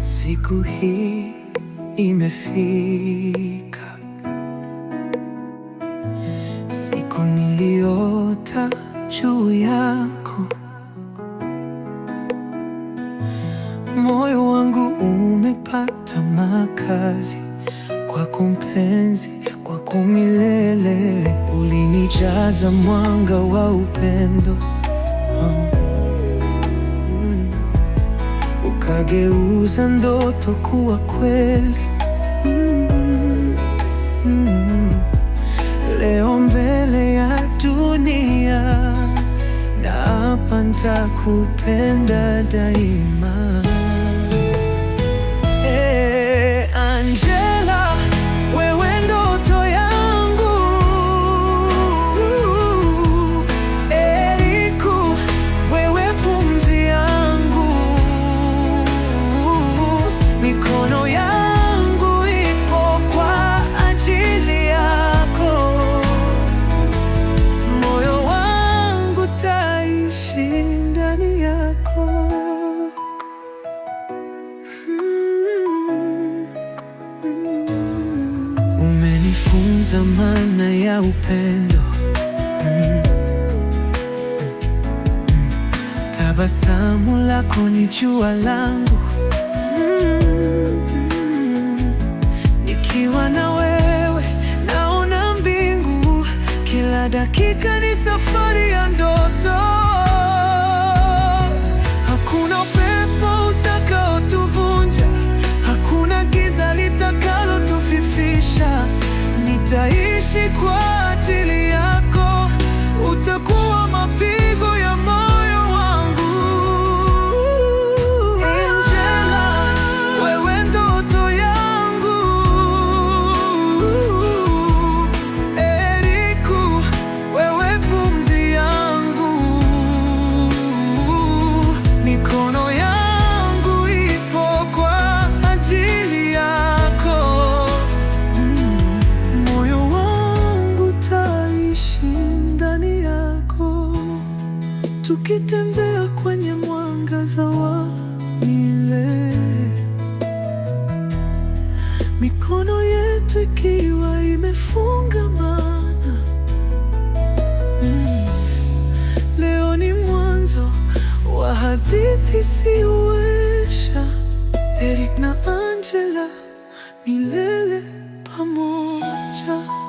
Siku hii imefika, siku niliota juu yako, moyo wangu nimepata makazi kwako mpenzi, kwako milele. Ulinijaza mwanga wa upendo mm. Ukageuza ndoto kuwa kweli mm. Leo mbele ya dunia na hapa nitakupenda daima. kujifunza maana ya upendo mm. Mm. mm. Tabasamu lako ni jua langu tukitembea kwenye mwangaza wa milele, mikono yetu ikiwa imefungamana. Mm. Leo ni mwanzo wa hadithi siwesha Eric na Angela milele pamoja.